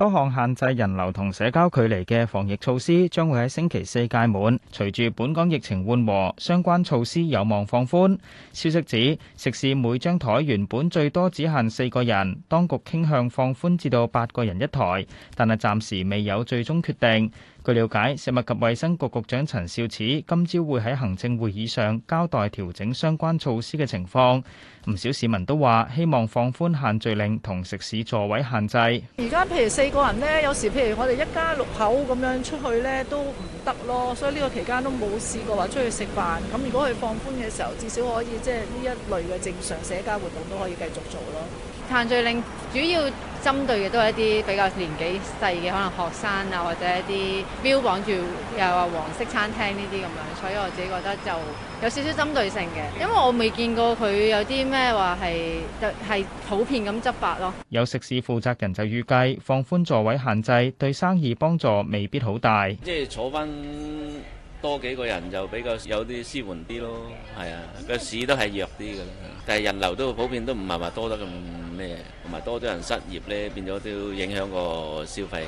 多項限制人流同社交距離嘅防疫措施將會喺星期四屆滿，隨住本港疫情緩和，相關措施有望放寬。消息指，食肆每張枱原本最多只限四個人，當局傾向放寬至到八個人一枱，但係暫時未有最終決定。據了解，食物及衛生局局長陳肇始今朝會喺行政會議上交代調整相關措施嘅情況。唔少市民都話希望放寬限聚令同食肆座位限制。而家譬如四個人咧，有時譬如我哋一家六口咁樣出去咧，都唔得咯。所以呢個期間都冇試過話出去食飯。咁如果佢放寬嘅時候，至少可以即係呢一類嘅正常社交活動都可以繼續做咯。限聚令主要。針對嘅都係一啲比較年紀細嘅可能學生啊，或者一啲標榜住又話黃色餐廳呢啲咁樣，所以我自己覺得就有少少針對性嘅，因為我未見過佢有啲咩話係係普遍咁執法咯。有食肆負責人就預計放寬座位限制對生意幫助未必好大，即係坐翻多幾個人就比較有啲舒緩啲咯。係啊，個市都係弱啲嘅，但係人流都普遍都唔係話多得咁。同埋多啲人失業咧，變咗都影響個消費嘅。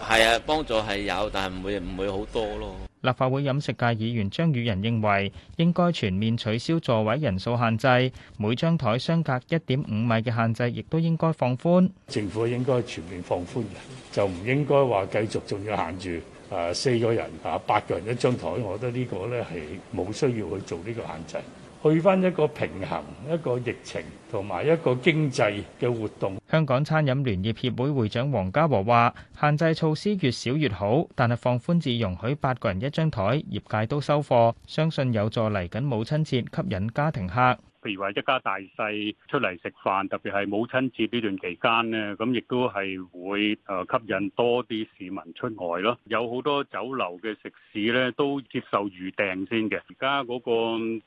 係啊，幫助係有，但唔會唔會好多咯。立法會飲食界議員張宇人認為，應該全面取消座位人數限制，每張枱相隔一點五米嘅限制，亦都應該放寬。政府應該全面放寬嘅，就唔應該話繼續仲要限住誒四個人啊，八個人一張枱。我覺得呢個咧係冇需要去做呢個限制。去返一個平衡，一個疫情同埋一個經濟嘅活動。香港餐飲聯業協會會長黃家和話，限制措施越少越好，但係放寬至容許八個人一張枱，業界都收貨，相信有助嚟緊母親節吸引家庭客。譬如話一家大細出嚟食飯，特別係母親節呢段期間呢，咁亦都係會誒吸引多啲市民出外咯。有好多酒樓嘅食肆呢，都接受預訂先嘅。而家嗰個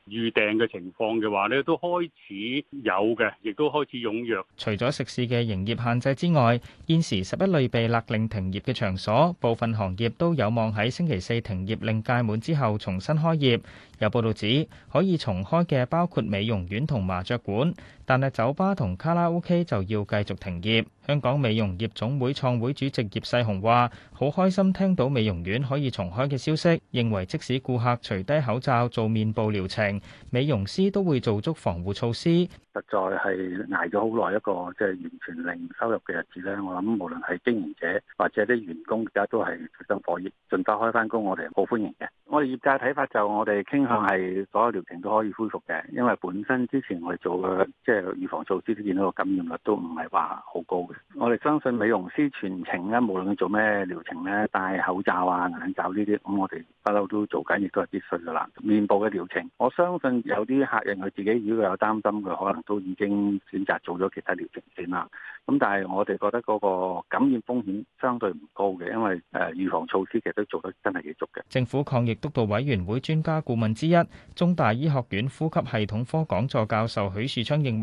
預訂嘅情況嘅話呢，都開始有嘅，亦都開始踴躍。除咗食肆嘅營業限制之外，現時十一類被勒令停業嘅場所，部分行業都有望喺星期四停業令屆滿之後重新開業。有報道指可以重開嘅包括美容。院同麻雀館。但係酒吧同卡拉 OK 就要繼續停業。香港美容業總會創會主席葉世雄話：好開心聽到美容院可以重開嘅消息，認為即使顧客除低口罩做面部療程，美容師都會做足防護措施。實在係捱咗好耐一個即係完全零收入嘅日子咧。我諗無論係經營者或者啲員工，而家都係十分火熱，盡快開翻工，我哋好歡迎嘅。我哋業界睇法就我哋傾向係所有療程都可以恢復嘅，因為本身之前我哋做嘅即係預防措施都見到個感染率都唔係話好高嘅，我哋相信美容師全程咧，無論佢做咩療程咧，戴口罩啊、眼罩呢啲，咁我哋不嬲都做緊，亦都係必須噶啦。面部嘅療程，我相信有啲客人佢自己如果有擔心，佢可能都已經選擇做咗其他療程先啦。咁但係我哋覺得嗰個感染風險相對唔高嘅，因為誒預防措施其實都做得真係幾足嘅。政府抗疫督導委員會專家顧問之一、中大醫學院呼吸系統科講座教授許樹昌認為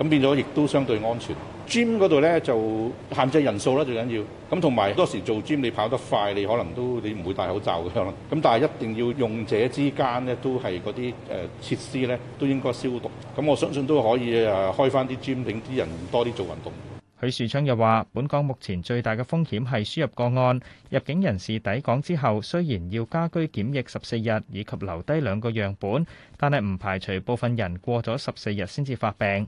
咁變咗，亦都相對安全。gym 嗰度咧就限制人數啦，最緊要咁。同埋多時做 gym，你跑得快，你可能都你唔會戴口罩咁啦。咁但係一定要用者之間咧，都係嗰啲誒設施咧，都應該消毒。咁我相信都可以誒開翻啲 gym，令啲人多啲做運動。許樹昌又話，本港目前最大嘅風險係輸入個案，入境人士抵港之後，雖然要家居檢疫十四日，以及留低兩個樣本，但係唔排除部分人過咗十四日先至發病。